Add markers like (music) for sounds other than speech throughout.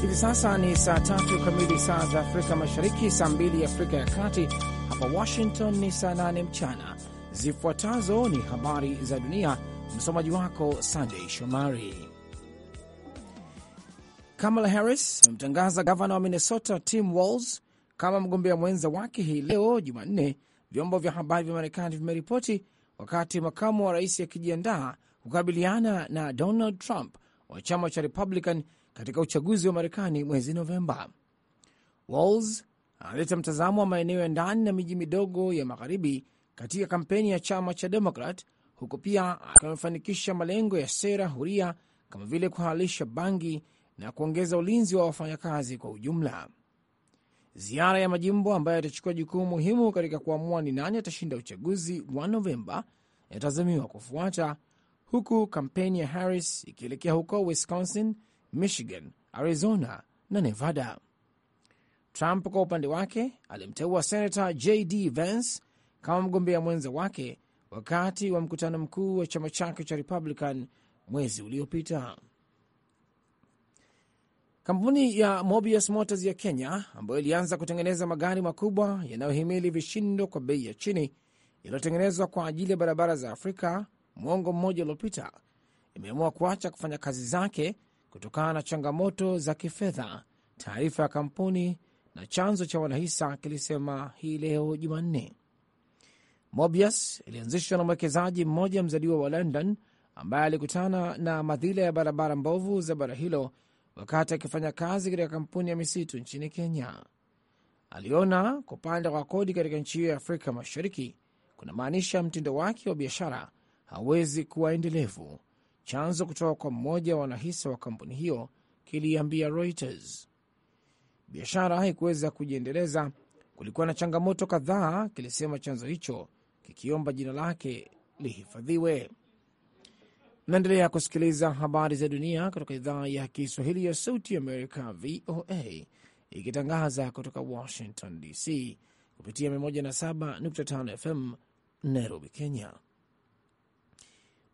Hivi sasa ni saa tatu kamili saa za Afrika Mashariki, saa mbili Afrika ya Kati. Hapa Washington ni saa nane mchana. Zifuatazo ni habari za dunia, msomaji wako Sandei Shomari. Kamala Harris amemtangaza gavana wa Minnesota Tim Walz kama mgombea mwenza wake hii leo Jumanne, vyombo vya habari vya Marekani vimeripoti, wakati makamu wa rais akijiandaa kukabiliana na Donald Trump wa chama cha Republican katika uchaguzi wa Marekani mwezi Novemba. Walls analeta mtazamo wa maeneo ya ndani na miji midogo ya magharibi katika kampeni ya chama cha Demokrat, huku pia amefanikisha malengo ya sera huria kama vile kuhalalisha bangi na kuongeza ulinzi wa wafanyakazi kwa ujumla. Ziara ya majimbo ambayo yatachukua jukumu muhimu katika kuamua ni nani atashinda uchaguzi wa Novemba yatazamiwa kufuata, huku kampeni ya Harris ikielekea huko Wisconsin Michigan, Arizona na Nevada. Trump kwa upande wake alimteua senata JD Vance kama mgombea mwenza wake wakati wa mkutano mkuu wa chama chake cha Republican mwezi uliopita. Kampuni ya Mobius Motors ya Kenya ambayo ilianza kutengeneza magari makubwa yanayohimili vishindo kwa bei ya chini yaliyotengenezwa kwa ajili ya barabara za Afrika mwongo mmoja uliopita imeamua kuacha kufanya kazi zake kutokana na changamoto za kifedha, taarifa ya kampuni na chanzo cha wanahisa kilisema hii leo Jumanne. Mobius ilianzishwa na mwekezaji mmoja mzaliwa wa London ambaye alikutana na madhila ya barabara mbovu za bara hilo wakati akifanya kazi katika kampuni ya misitu nchini Kenya. Aliona kupanda kwa kodi katika nchi hiyo ya Afrika Mashariki kuna maanisha mtindo wake wa biashara hawezi kuwa endelevu. Chanzo kutoka kwa mmoja wa wanahisa wa kampuni hiyo kiliambia Reuters biashara haikuweza kujiendeleza. Kulikuwa na changamoto kadhaa, kilisema chanzo hicho kikiomba jina lake lihifadhiwe. Naendelea kusikiliza habari za dunia kutoka idhaa ya Kiswahili ya Sauti Amerika, VOA, ikitangaza kutoka Washington DC kupitia 107.5 FM Nairobi, Kenya.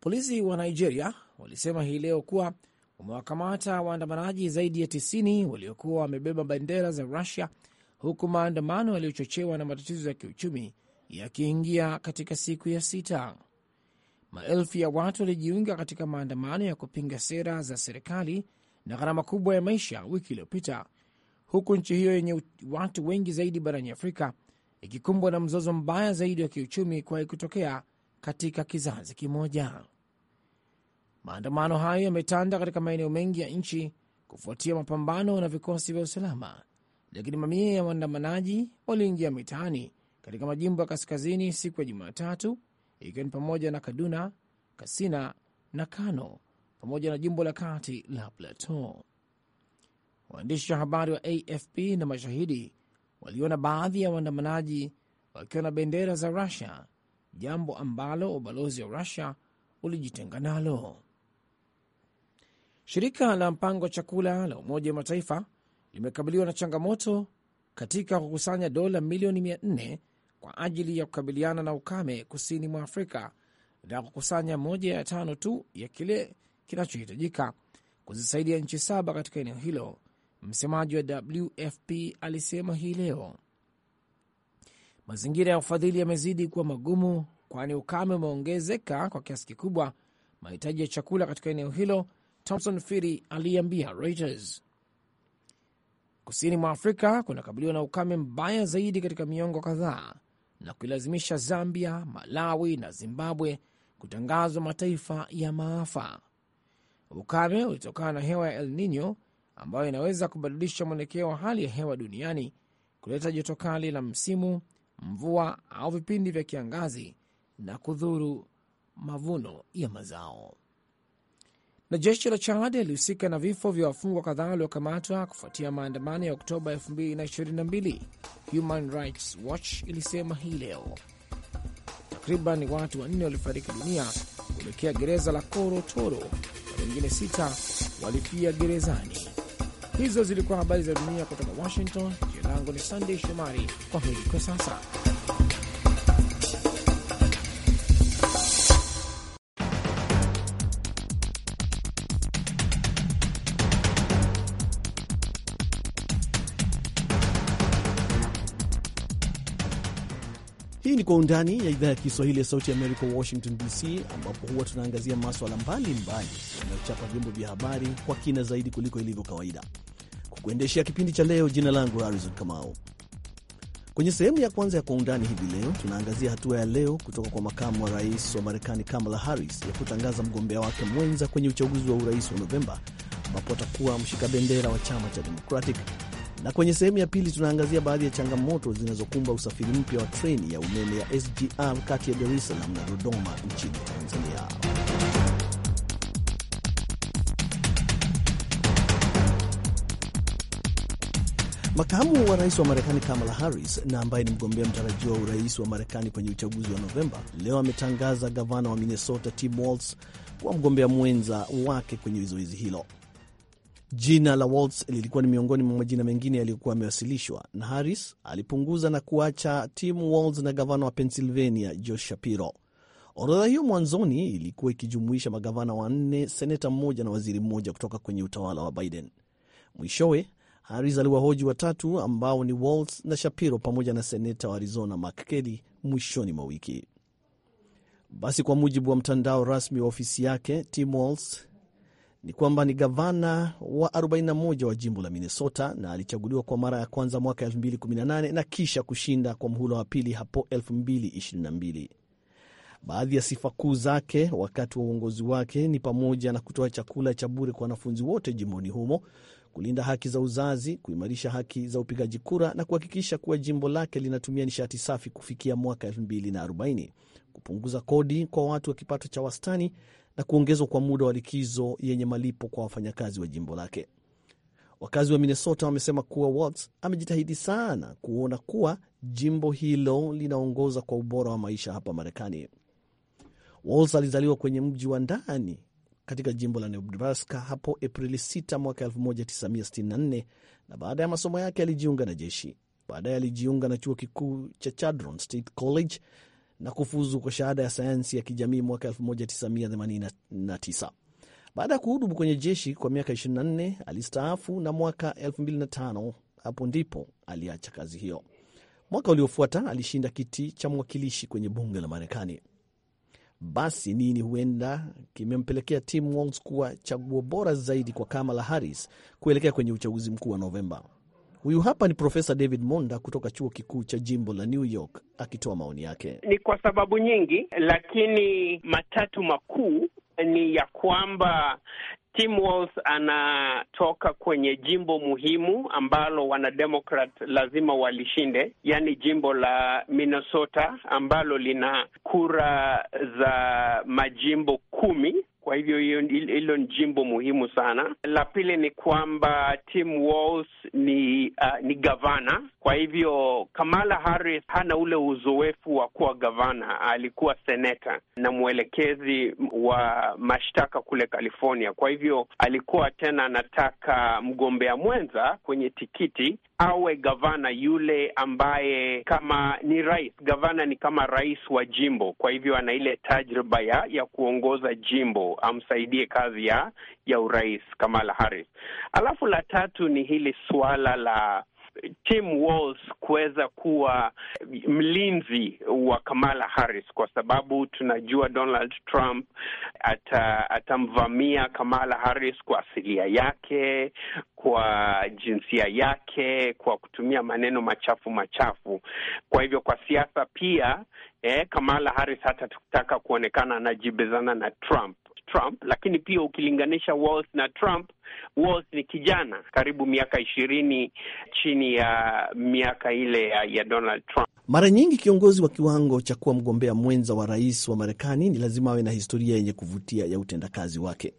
Polisi wa Nigeria walisema hii leo kuwa wamewakamata waandamanaji zaidi ya 90 waliokuwa wamebeba bendera za Rusia, huku maandamano yaliyochochewa na matatizo ya kiuchumi yakiingia katika siku ya sita. Maelfu ya watu walijiunga katika maandamano ya kupinga sera za serikali na gharama kubwa ya maisha wiki iliyopita, huku nchi hiyo yenye watu wengi zaidi barani Afrika ikikumbwa na mzozo mbaya zaidi wa kiuchumi kuwahi kutokea katika kizazi kimoja. Maandamano hayo yametanda katika maeneo mengi ya nchi kufuatia mapambano na vikosi vya usalama, lakini mamia ya waandamanaji waliingia mitaani katika majimbo ya kaskazini siku ya Jumatatu, ikiwa ni pamoja na Kaduna, Kasina na Kano pamoja na jimbo la kati la Plateau. Waandishi wa habari wa AFP na mashahidi waliona baadhi ya waandamanaji wakiwa na bendera za Rusia, jambo ambalo ubalozi wa Rusia ulijitenga nalo. Shirika la mpango wa chakula la Umoja wa Mataifa limekabiliwa na changamoto katika kukusanya dola milioni 400 kwa ajili ya kukabiliana na ukame kusini mwa Afrika na kukusanya moja ya tano tu ya kile kinachohitajika kuzisaidia nchi saba katika eneo hilo. Msemaji wa WFP alisema hii leo mazingira ya ufadhili yamezidi kuwa magumu, kwani ukame umeongezeka kwa kiasi kikubwa mahitaji ya chakula katika eneo hilo Thompson Firi aliambia Reuters. Kusini mwa Afrika kunakabiliwa na ukame mbaya zaidi katika miongo kadhaa na kuilazimisha Zambia, Malawi na Zimbabwe kutangazwa mataifa ya maafa. Ukame ulitokana na hewa ya El Nino ambayo inaweza kubadilisha mwelekeo wa hali ya hewa duniani, kuleta joto kali la msimu, mvua au vipindi vya kiangazi na kudhuru mavuno ya mazao na jeshi la Chad yalihusika na vifo vya wafungwa kadhaa waliokamatwa kufuatia maandamano ya Oktoba 2022, Human Rights Watch ilisema hii leo. Takriban watu wanne walifariki dunia kuelekea gereza la Korotoro na wengine sita walifia gerezani. Hizo zilikuwa habari za dunia kutoka Washington. Jina langu ni Sandey Shomari. Kwa heri kwa sasa. Hii ni Kwa Undani ya idhaa ya Kiswahili ya Sauti ya Amerika, Washington DC, ambapo huwa tunaangazia maswala mbalimbali yanayochapa vyombo vya habari kwa kina zaidi kuliko ilivyo kawaida. Kwa kuendeshea kipindi cha leo, jina langu Harrison Kamau. Kwenye sehemu ya kwanza ya Kwa Undani hivi leo tunaangazia hatua ya leo kutoka kwa makamu wa rais wa Marekani Kamala Harris ya kutangaza mgombea wake mwenza kwenye uchaguzi wa urais wa Novemba, ambapo atakuwa mshika bendera wa chama cha Democratic na kwenye sehemu ya pili tunaangazia baadhi ya changamoto zinazokumba usafiri mpya wa treni ya umeme ya SGR kati ya Dar es Salaam na Dodoma nchini Tanzania. Makamu wa rais wa Marekani Kamala Harris na ambaye ni mgombea mtarajiwa wa urais wa Marekani kwenye uchaguzi wa Novemba leo ametangaza gavana wa Minnesota Tim Walz kuwa mgombea mwenza wake kwenye zoezi hilo. Jina la Waltz lilikuwa ni miongoni mwa majina mengine yaliyokuwa yamewasilishwa na Harris alipunguza na kuacha Tim Walz na gavana wa Pennsylvania Josh Shapiro. Orodha hiyo mwanzoni ilikuwa ikijumuisha magavana wanne, seneta mmoja na waziri mmoja kutoka kwenye utawala wa Biden. Mwishowe Harris aliwahoji watatu ambao ni Walz na Shapiro pamoja na seneta wa Arizona Mark Kelly mwishoni mwa wiki. Basi, kwa mujibu wa mtandao rasmi wa ofisi yake, Tim Walz ni kwamba ni gavana wa 41 wa jimbo la Minnesota na alichaguliwa kwa mara ya kwanza mwaka 2018 na kisha kushinda kwa mhula wa pili hapo 2022. Baadhi ya sifa kuu zake wakati wa uongozi wake ni pamoja na kutoa chakula cha bure kwa wanafunzi wote jimboni humo, kulinda haki za uzazi, kuimarisha haki za upigaji kura na kuhakikisha kuwa jimbo lake linatumia nishati safi kufikia mwaka 2040, kupunguza kodi kwa watu wa kipato cha wastani na kuongezwa kwa muda wa likizo yenye malipo kwa wafanyakazi wa jimbo lake. Wakazi wa Minnesota wamesema kuwa Waltz amejitahidi sana kuona kuwa jimbo hilo linaongoza kwa ubora wa maisha hapa Marekani. Waltz alizaliwa kwenye mji wa ndani katika jimbo la Nebraska hapo Aprili 6 mwaka 1964 na baada ya masomo yake alijiunga na jeshi. Baadaye alijiunga na chuo kikuu cha Chadron State College na kufuzu kwa shahada ya sayansi ya kijamii mwaka 1989. Baada ya kuhudumu kwenye jeshi kwa miaka 24 alistaafu, na mwaka 2005 hapo ndipo aliacha kazi hiyo. Mwaka uliofuata alishinda kiti cha mwakilishi kwenye bunge la Marekani. Basi nini huenda kimempelekea Tim Walz kuwa chaguo bora zaidi kwa Kamala Harris kuelekea kwenye uchaguzi mkuu wa Novemba. Huyu hapa ni Profesa David Monda kutoka chuo kikuu cha jimbo la New York akitoa maoni yake. Ni kwa sababu nyingi, lakini matatu makuu ni ya kwamba Tim Walz anatoka kwenye jimbo muhimu ambalo wanademokrat lazima walishinde, yaani jimbo la Minnesota ambalo lina kura za majimbo kumi kwa hivyo hiyo hilo ni jimbo muhimu sana. La pili ni kwamba Tim Walz ni uh, ni gavana. Kwa hivyo Kamala Harris hana ule uzoefu wa kuwa gavana, alikuwa seneta na mwelekezi wa mashtaka kule California. Kwa hivyo alikuwa tena anataka mgombea mwenza kwenye tikiti awe gavana yule ambaye kama ni rais. Gavana ni kama rais wa jimbo, kwa hivyo ana ile tajriba ya kuongoza jimbo amsaidie kazi ya ya urais Kamala Harris. Alafu la tatu ni hili suala la Tim Walz kuweza kuwa mlinzi wa Kamala Harris kwa sababu tunajua Donald Trump ata, atamvamia Kamala Harris kwa asilia yake, kwa jinsia yake, kwa kutumia maneno machafu machafu. Kwa hivyo kwa siasa pia eh, Kamala Harris hatataka kuonekana anajibizana na Trump. Trump, lakini pia ukilinganisha Walls na Trump, Walls ni kijana karibu miaka ishirini chini ya miaka ile ya, ya Donald Trump. Mara nyingi kiongozi wa kiwango cha kuwa mgombea mwenza wa rais wa Marekani ni lazima awe na historia yenye kuvutia ya utendakazi wake.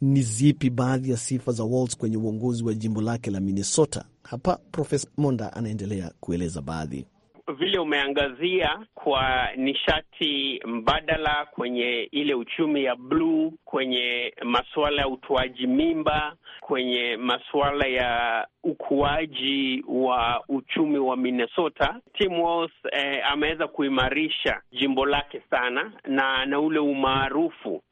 Ni zipi baadhi ya sifa za Walls kwenye uongozi wa jimbo lake la Minnesota? Hapa Profesa Monda anaendelea kueleza baadhi vile umeangazia kwa nishati mbadala kwenye ile uchumi ya bluu, kwenye masuala ya utoaji mimba, kwenye masuala ya ukuaji wa uchumi wa Minnesota, Tim Walz eh, ameweza kuimarisha jimbo lake sana na na ule umaarufu.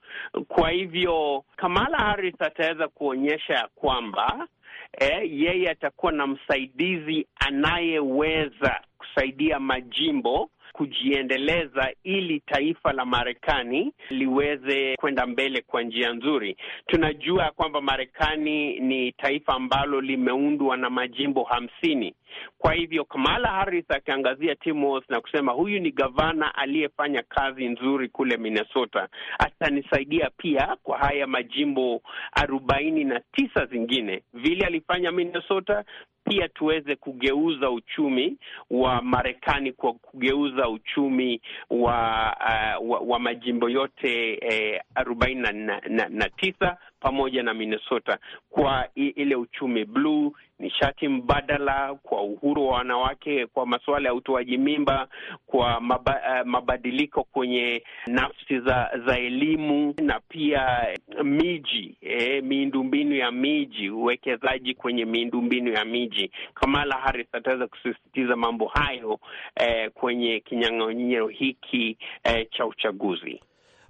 Kwa hivyo Kamala Harris ataweza kuonyesha ya kwamba eh, yeye atakuwa na msaidizi anayeweza kusaidia majimbo kujiendeleza ili taifa la Marekani liweze kwenda mbele kwa njia nzuri. Tunajua kwamba Marekani ni taifa ambalo limeundwa na majimbo hamsini. Kwa hivyo Kamala Harris akiangazia Tim Walz na kusema huyu ni gavana aliyefanya kazi nzuri kule Minnesota, atanisaidia pia kwa haya majimbo arobaini na tisa zingine, vile alifanya Minnesota pia tuweze kugeuza uchumi wa Marekani kwa kugeuza uchumi wa uh, wa, wa majimbo yote eh, arobaini eh, na, na, na tisa pamoja na Minnesota kwa ile uchumi bluu, nishati mbadala, kwa uhuru wa wanawake, kwa masuala ya utoaji mimba, kwa maba, uh, mabadiliko kwenye nafsi za, za elimu na pia miji eh, miundombinu ya miji, uwekezaji kwenye miundombinu ya miji. Kamala Harris ataweza kusisitiza mambo hayo eh, kwenye kinyang'anyiro hiki eh, cha uchaguzi.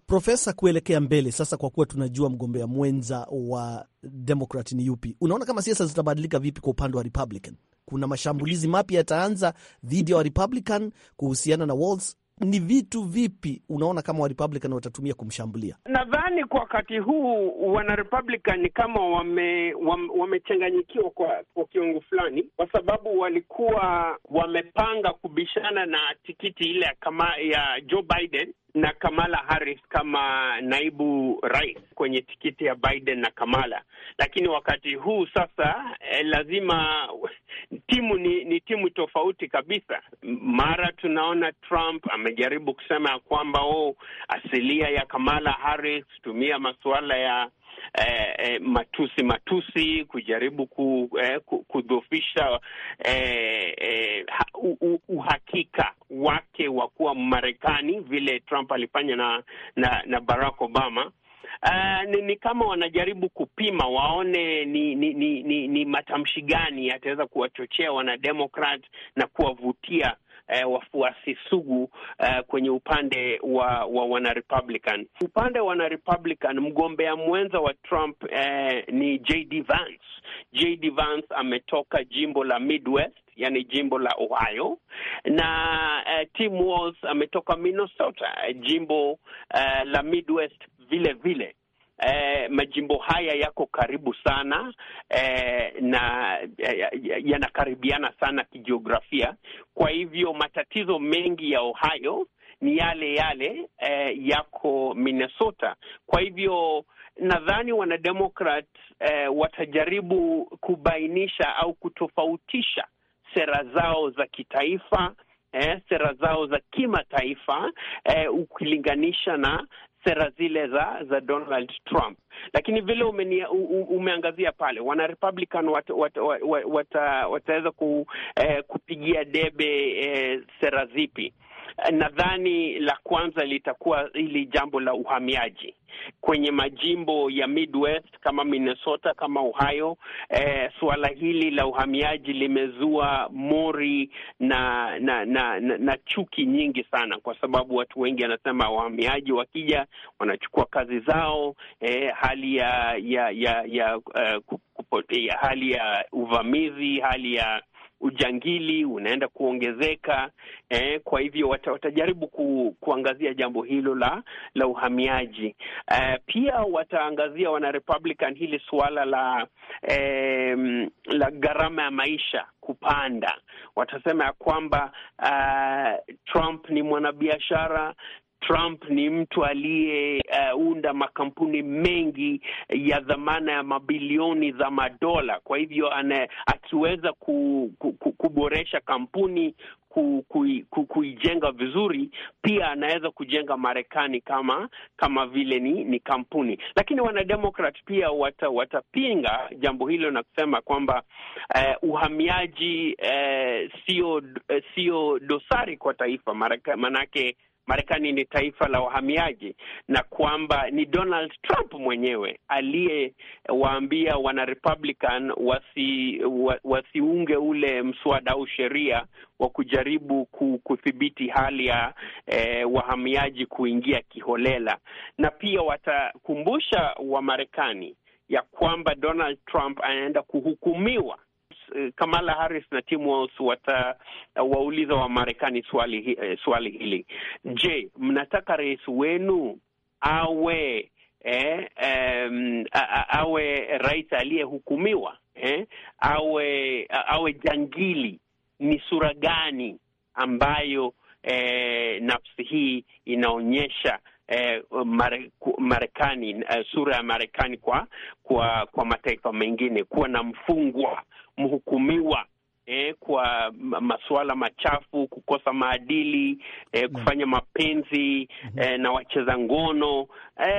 Profesa, kuelekea mbele sasa, kwa kuwa tunajua mgombea mwenza wa Demokrat ni yupi, unaona kama siasa zitabadilika vipi kwa upande wa Republican? Kuna mashambulizi mapya yataanza dhidi ya wa kuhusiana na Walls? Ni vitu vipi unaona kama wa watatumia kumshambulia? Nadhani kwa wakati huu wana kama wame, wame, wamechanganyikiwa kwa, kwa kiwango fulani, kwa sababu walikuwa wamepanga kubishana na tikiti ile kama ya Joe Biden na Kamala Harris kama naibu rais kwenye tikiti ya Biden na Kamala. Lakini wakati huu sasa eh, lazima (laughs) timu ni, ni timu tofauti kabisa. Mara tunaona Trump amejaribu kusema ya kwamba oh, asilia ya Kamala Harris tumia masuala ya Eh, eh, matusi matusi kujaribu ku, eh, kudhofisha eh, eh, uhakika wake wa kuwa Marekani vile Trump alifanya na, na, na Barack Obama. Uh, ni, ni kama wanajaribu kupima waone ni ni, ni, ni, ni matamshi gani yataweza kuwachochea wanademokrat na kuwavutia eh, wafuasi sugu eh, kwenye upande wa, wa wanarepublican. Upande wa wanarepublican, mgombea mwenza wa Trump eh, ni JD Vance. JD Vance ametoka jimbo la Midwest yani jimbo la Ohio na uh, Tim Walz ametoka Minnesota, eh, jimbo uh, la Midwest vile vile. Eh, majimbo haya yako karibu sana eh, na yanakaribiana sana kijiografia. Kwa hivyo matatizo mengi ya Ohio ni yale yale eh, yako Minnesota. Kwa hivyo nadhani wanademokrat eh, watajaribu kubainisha au kutofautisha sera zao za kitaifa eh, sera zao za kimataifa eh, ukilinganisha na sera zile za za Donald Trump. Lakini vile umenia, u, umeangazia pale wana Republican wat, wat, wat, wat, wataweza ku, eh, kupigia debe eh, sera zipi? nadhani la kwanza litakuwa hili jambo la uhamiaji kwenye majimbo ya Midwest kama Minnesota, kama Ohio. Eh, suala hili la uhamiaji limezua mori na na, na na na chuki nyingi sana, kwa sababu watu wengi wanasema wahamiaji wakija wanachukua kazi zao. Eh, hali ya ya ya, ya, uh, hali ya uvamizi, hali ya ujangili unaenda kuongezeka eh. Kwa hivyo wata, watajaribu ku, kuangazia jambo hilo la la uhamiaji eh, pia wataangazia wana Republican hili suala la eh, la gharama ya maisha kupanda. Watasema ya kwamba uh, Trump ni mwanabiashara Trump ni mtu aliyeunda uh, makampuni mengi ya dhamana ya mabilioni za madola. Kwa hivyo ana, akiweza ku, ku, ku, kuboresha kampuni kuijenga vizuri pia anaweza kujenga Marekani kama kama vile ni ni kampuni. Lakini wanademokrat pia wata, watapinga jambo hilo na kusema kwamba eh, uhamiaji eh, sio eh, sio dosari kwa taifa Marekani, manake Marekani ni taifa la wahamiaji na kwamba ni Donald Trump mwenyewe aliyewaambia wana Republican wasi, wa, wasiunge ule mswada au sheria wa kujaribu kudhibiti hali ya eh, wahamiaji kuingia kiholela, na pia watakumbusha Wamarekani ya kwamba Donald Trump anaenda kuhukumiwa Eh, Kamala Harris na Tim Walz watawauliza eh, Wamarekani swali, uh, swali hili: je, mnataka rais wenu awe eh, um, awe rais aliyehukumiwa eh, awe awe jangili? Ni sura gani ambayo eh, nafsi hii inaonyesha Eh, Marekani eh, sura ya Marekani kwa kwa kwa mataifa mengine kuwa na mfungwa mhukumiwa e, kwa masuala machafu, kukosa maadili e, kufanya mapenzi e, na wacheza ngono e,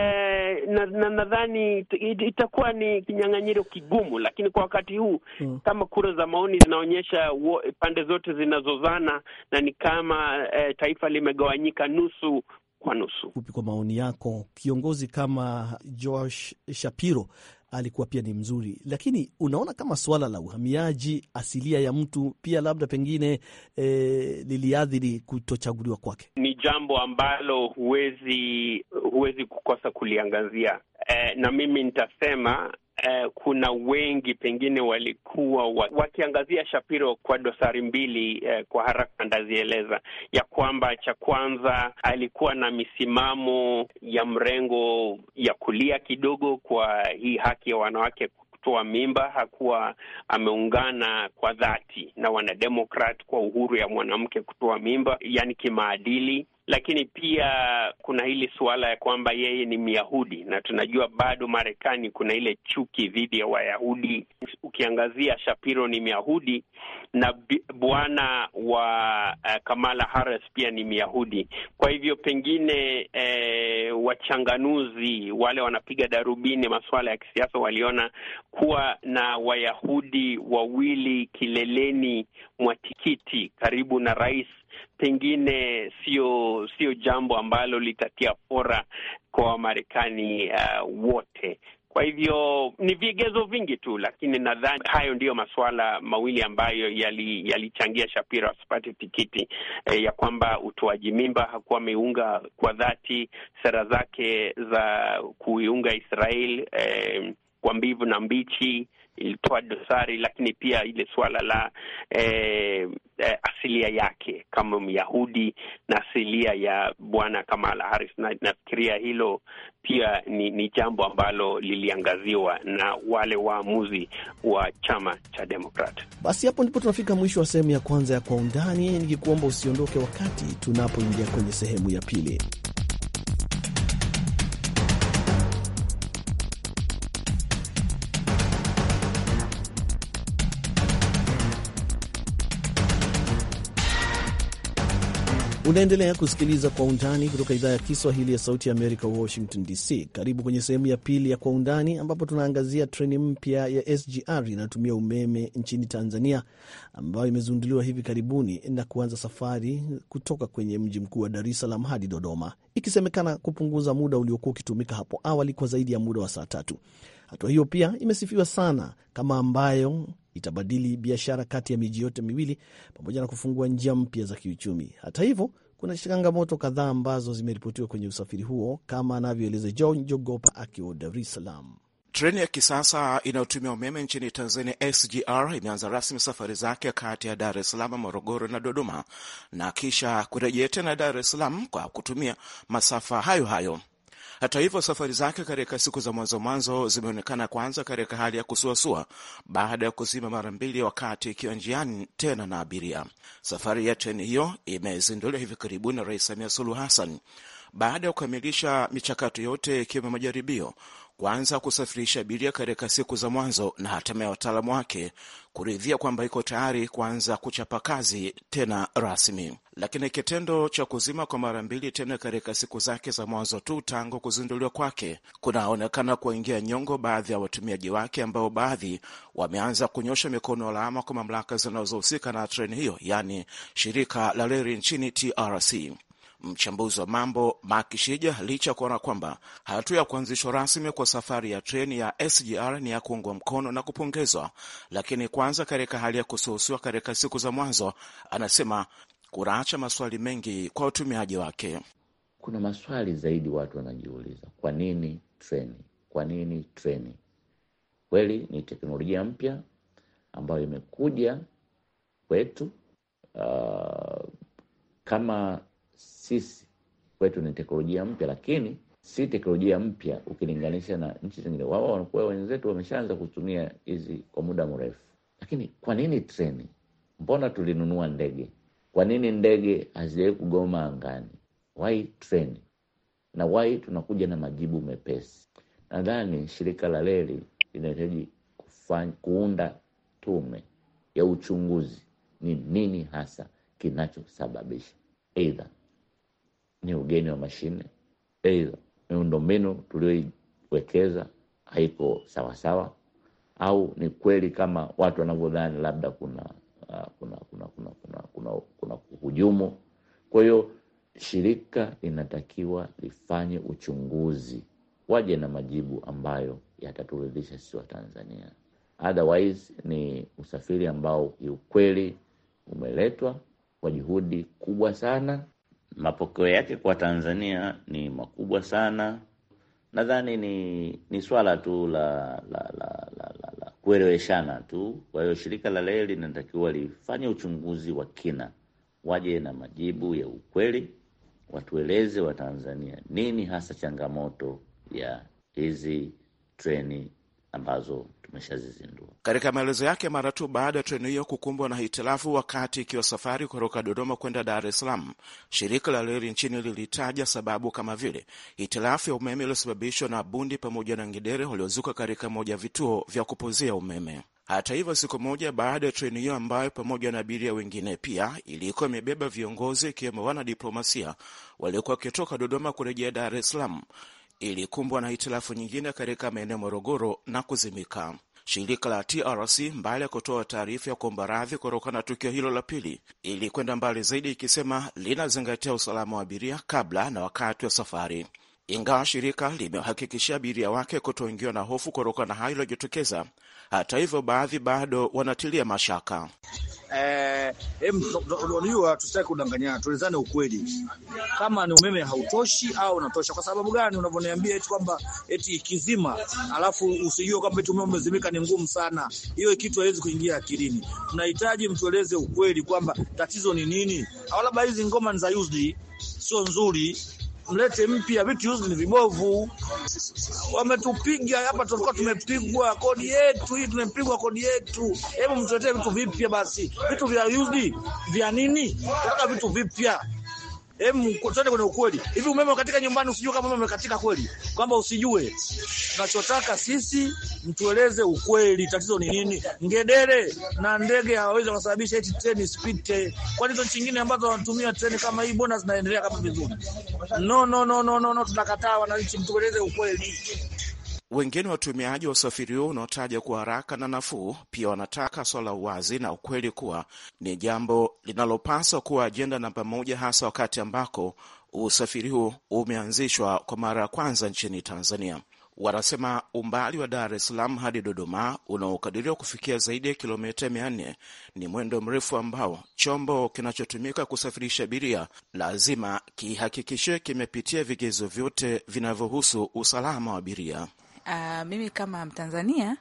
na nadhani na itakuwa ni kinyang'anyiro kigumu, lakini kwa wakati huu mm, kama kura za maoni zinaonyesha pande zote zinazozana na ni kama e, taifa limegawanyika nusu kwa nusu. Kwa maoni yako, kiongozi kama Josh Shapiro alikuwa pia ni mzuri, lakini unaona kama swala la uhamiaji asilia ya mtu pia labda pengine e, liliathiri kutochaguliwa kwake. Ni jambo ambalo huwezi huwezi kukosa kuliangazia e, na mimi nitasema eh, kuna wengi pengine walikuwa wakiangazia Shapiro kwa dosari mbili eh, kwa haraka ndazieleza, ya kwamba cha kwanza alikuwa na misimamo ya mrengo ya kulia kidogo kwa hii haki ya wanawake kutoa mimba. Hakuwa ameungana kwa dhati na wanademokrat kwa uhuru ya mwanamke kutoa mimba, yani kimaadili lakini pia kuna hili suala ya kwamba yeye ni Myahudi, na tunajua bado Marekani kuna ile chuki dhidi ya Wayahudi. Ukiangazia Shapiro ni Myahudi na bwana wa uh, Kamala Harris pia ni Myahudi. Kwa hivyo pengine eh, wachanganuzi wale wanapiga darubini masuala ya kisiasa waliona kuwa na Wayahudi wawili kileleni mwa tikiti karibu na rais pengine sio sio jambo ambalo litatia fora kwa Wamarekani uh, wote. Kwa hivyo ni vigezo vingi tu, lakini nadhani hayo ndiyo masuala mawili ambayo yalichangia yali Shapiro asipate tikiti e, ya kwamba utoaji mimba hakuwa ameunga kwa dhati sera zake za kuiunga Israel e, kwa mbivu na mbichi ilitoa dosari, lakini pia ile suala la eh, eh, asilia yake kama Myahudi na asilia ya bwana Kamala Harris, na nafikiria hilo pia ni, ni jambo ambalo liliangaziwa na wale waamuzi wa chama cha Demokrat. Basi hapo ndipo tunafika mwisho wa sehemu ya kwanza ya Kwa Undani, nikikuomba usiondoke wakati tunapoingia kwenye sehemu ya pili. Unaendelea kusikiliza Kwa Undani kutoka idhaa ya Kiswahili ya Sauti ya Amerika, Washington DC. Karibu kwenye sehemu ya pili ya Kwa Undani, ambapo tunaangazia treni mpya ya SGR inayotumia umeme nchini Tanzania, ambayo imezinduliwa hivi karibuni na kuanza safari kutoka kwenye mji mkuu wa Dar es Salaam hadi Dodoma, ikisemekana kupunguza muda uliokuwa ukitumika hapo awali kwa zaidi ya muda wa saa tatu. Hatua hiyo pia imesifiwa sana kama ambayo itabadili biashara kati ya miji yote miwili pamoja na kufungua njia mpya za kiuchumi. Hata hivyo, kuna changamoto kadhaa ambazo zimeripotiwa kwenye usafiri huo, kama anavyoeleza John Jogopa akiwa Dar es Salaam. Treni ya kisasa inayotumia umeme nchini Tanzania, SGR, imeanza rasmi safari zake kati ya Dar es Salaam, Morogoro na Dodoma, na kisha kurejea tena Dar es Salaam kwa kutumia masafa hayo hayo. Hata hivyo, safari zake katika siku za mwanzo mwanzo zimeonekana kwanza katika hali ya kusuasua baada ya kuzima mara mbili wakati ikiwa njiani tena na abiria. Safari ya treni hiyo imezinduliwa hivi karibuni na Rais Samia Suluhu Hassan baada ya kukamilisha michakato yote ikiwemo majaribio, kuanza kusafirisha abiria katika siku za mwanzo na ya wataalamu wake kuridhia kwamba iko tayari kuanza kuchapa kazi tena rasmi. Lakini kitendo cha kuzima kwa mara mbili tena katika siku zake za mwanzo tu tangu kuzinduliwa kwake kunaonekana kuwaingia nyongo baadhi ya watumiaji wake, ambao baadhi wameanza kunyosha mikono alama kwa mamlaka zinazohusika na treni hiyo, yaani shirika la reli nchini TRC. Mchambuzi wa mambo Shija, licha ya kuona kwamba hatua ya kuanzishwa rasmi kwa safari ya treni ya SGR ni ya kuungwa mkono na kupongezwa, lakini kwanza katika hali ya kusuhusiwa katika siku za mwanzo, anasema kuraacha maswali mengi kwa utumiaji wake. Kuna maswali zaidi watu wanajiuliza, kwa nini treni? Kwa nini treni? Kweli ni teknolojia mpya ambayo imekuja kwetu. Uh, kama sisi kwetu ni teknolojia mpya, lakini si teknolojia mpya ukilinganisha na nchi zingine. Wao wanakuwa wenzetu wameshaanza kutumia hizi kwa muda mrefu. Lakini kwa nini treni? Mbona tulinunua ndege? Kwa nini ndege hazijawahi kugoma angani? Why treni? Na why tunakuja na majibu mepesi? Nadhani shirika la reli linahitaji kuunda tume ya uchunguzi, ni nini hasa kinachosababisha aidha ni ugeni wa mashine, aidha miundombinu tulioiwekeza haiko sawasawa, au ni kweli kama watu wanavyodhani labda kuna uh, kuna kuna kuna kuna kuna, kuna hujumu. Kwa hiyo shirika linatakiwa lifanye uchunguzi, waje na majibu ambayo yataturidhisha sisi wa Tanzania. Otherwise ni usafiri ambao kiukweli umeletwa kwa juhudi kubwa sana mapokeo yake kwa Tanzania ni makubwa sana. Nadhani ni ni swala tu la la, la, la, la, la kueleweshana tu. Kwa hiyo shirika la reli linatakiwa lifanye uchunguzi wa kina, waje na majibu ya ukweli, watueleze Watanzania nini hasa changamoto ya hizi treni ambazo tumeshazizindua. Katika maelezo yake mara tu baada ya treni hiyo kukumbwa na hitilafu wakati ikiwa safari kutoka Dodoma kwenda Dar es Salaam, shirika la reli nchini lilitaja sababu kama vile hitilafu ya umeme iliyosababishwa na bundi pamoja na ngedere waliozuka katika moja ya vituo vya kupozia umeme. Hata hivyo, siku moja baada ya treni hiyo ambayo pamoja na abiria wengine pia ilikuwa imebeba viongozi ikiwemo wanadiplomasia waliokuwa wakitoka Dodoma kurejea Dar es Salaam, ilikumbwa na hitilafu nyingine katika maeneo Morogoro na kuzimika. Shirika la TRC mbali ya kutoa taarifa ya kuomba radhi kutokana na tukio hilo la pili, ilikwenda mbali zaidi ikisema linazingatia usalama wa abiria kabla na wakati wa safari, ingawa shirika limehakikishia abiria wake kutoingiwa na hofu kutokana na hayo iliyojitokeza hata hivyo, baadhi bado wanatilia mashaka. Eh, unajua tusitaki kudanganyana, tuelezane ukweli. Kama ni umeme hautoshi au unatosha, kwa sababu gani unavyoniambia eti kwamba eti kizima, alafu usijue kwamba eti umeme umezimika ni ngumu sana. Hiyo kitu haiwezi kuingia akilini. Tunahitaji mtueleze ukweli kwamba tatizo ni nini, au labda hizi ngoma ni za used, sio nzuri mlete mpya, vitu ni vibovu. Wametupiga hapa, tulikuwa tumepigwa kodi yetu hii, tumepigwa kodi yetu. Hebu mtuletee vitu vipya basi, vitu vya yudi vya nini? Tunataka vitu vipya. Hem, twende kwenye ukweli. Hivi umeme katika nyumbani, usijue kama umeme katika kweli, kwamba usijue. Tunachotaka sisi mtueleze ukweli, tatizo ni nini? Ngedere na ndege hawawezi kusababisha eti treni isipite. Kwani hizo nchi nyingine ambazo wanatumia treni kama hii, bona zinaendelea kama vizuri? No, no, no, no, no, no, tunakataa. Wananchi, mtueleze ukweli. Wengine watumiaji wa usafiri huu unaotaja kuwa haraka na nafuu pia wanataka swala uwazi na ukweli kuwa ni jambo linalopaswa kuwa ajenda namba moja, hasa wakati ambako usafiri huu umeanzishwa kwa mara ya kwanza nchini Tanzania. Wanasema umbali wa Dar es Salaam hadi Dodoma unaokadiriwa kufikia zaidi ya kilomita mia nne ni mwendo mrefu ambao chombo kinachotumika kusafirisha abiria lazima kihakikishe kimepitia vigezo vyote vinavyohusu usalama wa abiria. Uh, mimi kama Mtanzania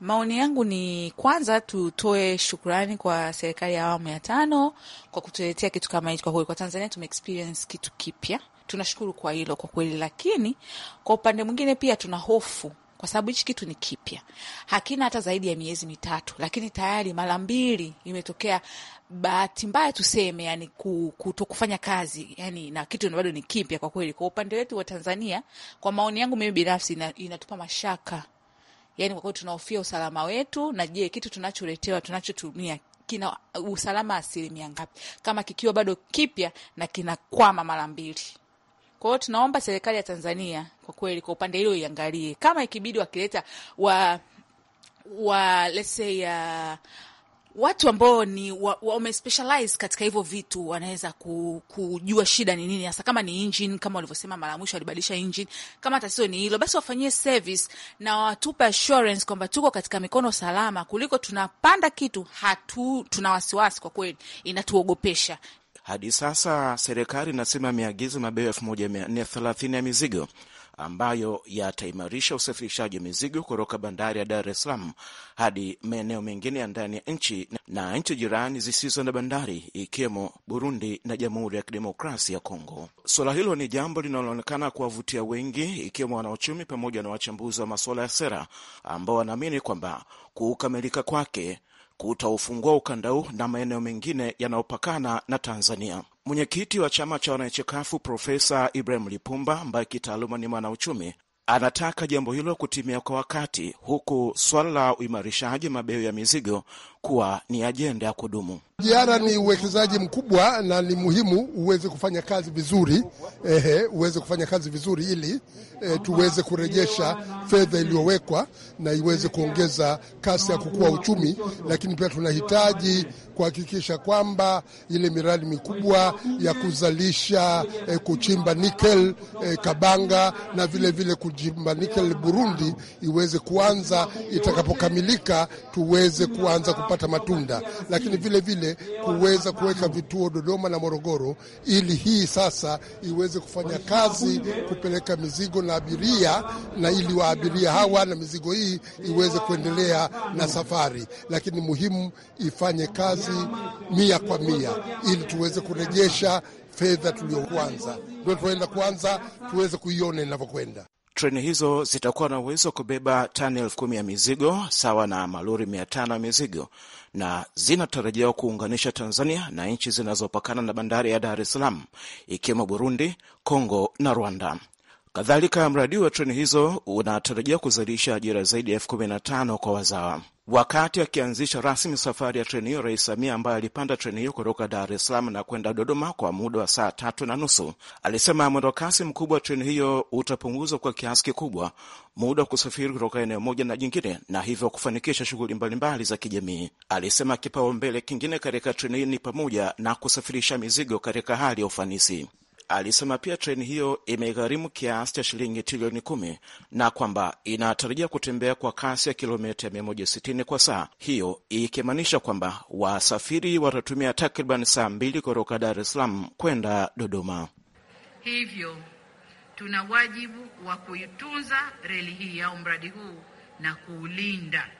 maoni yangu ni kwanza, tutoe shukrani kwa serikali ya awamu ya tano kwa kutuletea kitu kama hichi. Kwa kweli kwa Tanzania tume experience kitu kipya, tunashukuru kwa hilo kwa kweli, lakini kwa upande mwingine pia tuna hofu kwa sababu hichi kitu ni kipya, hakina hata zaidi ya miezi mitatu, lakini tayari mara mbili imetokea bahati mbaya tuseme, yani kuto kufanya kazi, yani na kitu bado ni kipya kwa kweli. Kwa upande wetu wa Tanzania, kwa maoni yangu mimi binafsi, ina, inatupa mashaka yani kwa kweli tunahofia usalama wetu, na je, kitu tunacholetewa tunachotumia kina usalama asilimia ngapi? Kama kikiwa bado kipya na kinakwama mara mbili kwa hiyo tunaomba serikali ya Tanzania kwa kweli, kwa upande hilo iangalie, kama ikibidi wakileta wa, wa let's say uh, watu ambao ni wame wa katika hivyo vitu wanaweza ku, kujua shida ni nini hasa, kama ni engine, kama walivyosema mara mwisho walibadilisha engine. Kama tatizo ni hilo, basi wafanyie service na watupe assurance kwamba tuko katika mikono salama, kuliko tunapanda kitu hatu tuna wasiwasi. Kwa kweli inatuogopesha, hadi sasa serikali inasema imeagiza mabehewa thelathini ya mizigo ambayo yataimarisha usafirishaji wa mizigo kutoka bandari ya Dar es Salaam hadi maeneo mengine ya ndani ya nchi na nchi jirani zisizo na bandari ikiwemo Burundi na Jamhuri ya Kidemokrasia ya Kongo. Suala hilo ni jambo linaloonekana kuwavutia wengi, ikiwemo wanauchumi pamoja na wachambuzi wa masuala ya sera ambao wanaamini kwamba kuukamilika kwake kutaufungua ukanda huu na maeneo mengine yanayopakana na Tanzania. Mwenyekiti wa chama cha wananchi Kafu Profesa Ibrahim Lipumba, ambaye kitaaluma ni mwanauchumi, anataka jambo hilo kutimia kwa wakati, huku swala la uimarishaji mabeo ya mizigo kuwa ni ajenda ya kudumu. Ziara ni uwekezaji mkubwa na ni muhimu uweze kufanya kazi vizuri, ehe, uweze kufanya kazi vizuri ili e, tuweze kurejesha fedha iliyowekwa na iweze kuongeza kasi ya kukua uchumi, lakini pia tunahitaji kuhakikisha kwamba ile miradi mikubwa ya kuzalisha e, kuchimba nikel e, eh, Kabanga na vile vile kuchimba nikel Burundi iweze kuanza, itakapokamilika tuweze kuanza kupa kupata matunda, lakini vile vile kuweza kuweka vituo Dodoma na Morogoro ili hii sasa iweze kufanya kazi kupeleka mizigo na abiria, na ili waabiria hawa na mizigo hii iweze kuendelea na safari, lakini muhimu ifanye kazi mia kwa mia ili tuweze kurejesha fedha tuliyokuanza, ndio tunaenda kuanza tuweze kuiona inavyokwenda. Treni hizo zitakuwa na uwezo wa kubeba tani elfu kumi ya mizigo sawa na malori mia tano ya mizigo na zinatarajiwa kuunganisha Tanzania na nchi zinazopakana na bandari ya Dar es Salaam ikiwemo Burundi, Kongo na Rwanda. Kadhalika, mradi wa treni hizo unatarajia kuzalisha ajira zaidi ya elfu kumi na tano kwa wazawa. Wakati akianzisha rasmi safari ya treni hiyo, Rais Samia ambaye alipanda treni hiyo kutoka Dar es Salaam na kwenda Dodoma kwa muda wa saa tatu na nusu alisema mwendokasi mkubwa wa treni hiyo utapunguzwa kwa kiasi kikubwa muda wa kusafiri kutoka eneo moja na jingine, na hivyo kufanikisha shughuli mbalimbali za kijamii. Alisema kipaumbele kingine katika treni hii ni pamoja na kusafirisha mizigo katika hali ya ufanisi alisema pia treni hiyo imegharimu kiasi cha shilingi trilioni kumi na kwamba inatarajia kutembea kwa kasi ya kilomita 160 kwa saa, hiyo ikimaanisha kwamba wasafiri watatumia takriban saa mbili kutoka Dar es Salaam kwenda Dodoma. Hivyo tuna wajibu wa kuitunza reli hii au mradi huu na kuulinda,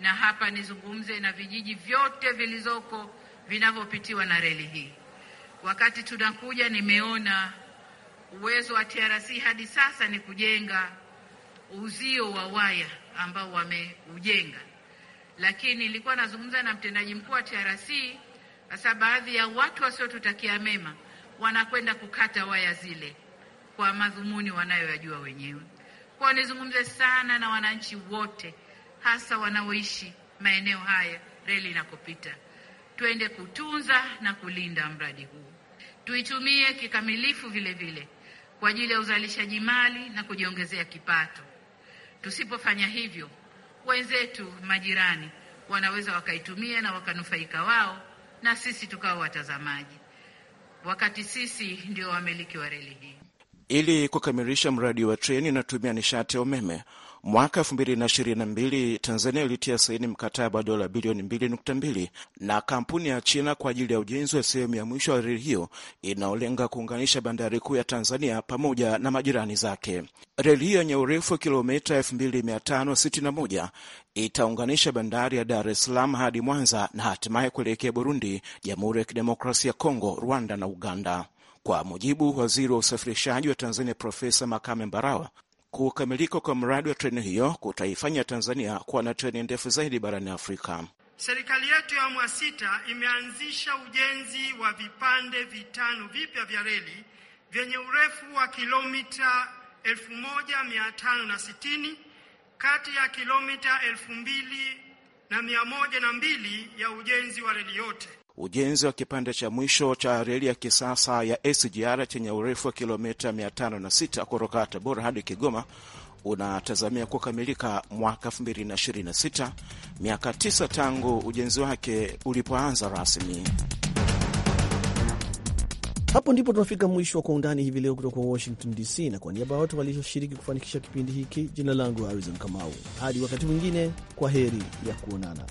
na hapa nizungumze na vijiji vyote vilizoko vinavyopitiwa na reli hii Wakati tunakuja, nimeona uwezo wa TRC hadi sasa ni kujenga uzio wa waya ambao wameujenga, lakini nilikuwa nazungumza na mtendaji mkuu wa TRC. Sasa baadhi ya watu wasiotutakia mema wanakwenda kukata waya zile kwa madhumuni wanayoyajua wenyewe. Kwa nizungumze sana na wananchi wote, hasa wanaoishi maeneo haya reli inakopita. Twende kutunza na kulinda mradi huu, tuitumie kikamilifu vile vile kwa ajili ya uzalishaji mali na kujiongezea kipato. Tusipofanya hivyo, wenzetu majirani wanaweza wakaitumia na wakanufaika wao, na sisi tukawa watazamaji, wakati sisi ndio wamiliki wa reli hii. Ili kukamilisha mradi wa treni inatumia nishati ya umeme Mwaka mbili Tanzania ilitia saini mkataba wa dola bilioni 2.2 na kampuni ya China kwa ajili ya ujenzi wa sehemu ya mwisho wa reli hiyo inayolenga kuunganisha bandari kuu ya Tanzania pamoja na majirani zake. Reli hiyo yenye urefu wa kilomita 2561 itaunganisha bandari ya Dar es Salaam hadi Mwanza na hatimaye kuelekea Burundi, Jamhuri ya Kidemokrasia ya Kongo, Rwanda na Uganda. Kwa mujibu waziri wa usafirishaji wa Tanzania Profesa Makame Mbarawa, Kukamilika kwa mradi wa treni hiyo kutaifanya Tanzania kuwa na treni ndefu zaidi barani Afrika. Serikali yetu ya awamu ya sita imeanzisha ujenzi wa vipande vitano vipya vya reli vyenye urefu wa kilomita 1560 kati ya kilomita 2102 ya ujenzi wa reli yote Ujenzi wa kipande cha mwisho cha reli ya kisasa ya SGR chenye urefu wa kilomita 506 kutoka Tabora hadi Kigoma unatazamia kukamilika mwaka 2026, miaka tisa tangu ujenzi wake ulipoanza rasmi. Hapo ndipo tunafika mwisho wa Kwa Undani hivi leo kutoka Washington DC, na kwa niaba ya watu walioshiriki kufanikisha kipindi hiki, jina langu Harizon Kamau. Hadi wakati mwingine, kwa heri ya kuonana.